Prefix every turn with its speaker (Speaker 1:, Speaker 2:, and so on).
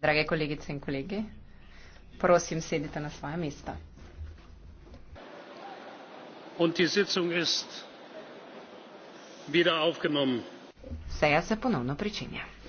Speaker 1: drage kolegice in kolegi prosim sedite na svoja mesta
Speaker 2: seja se ponovno pričenja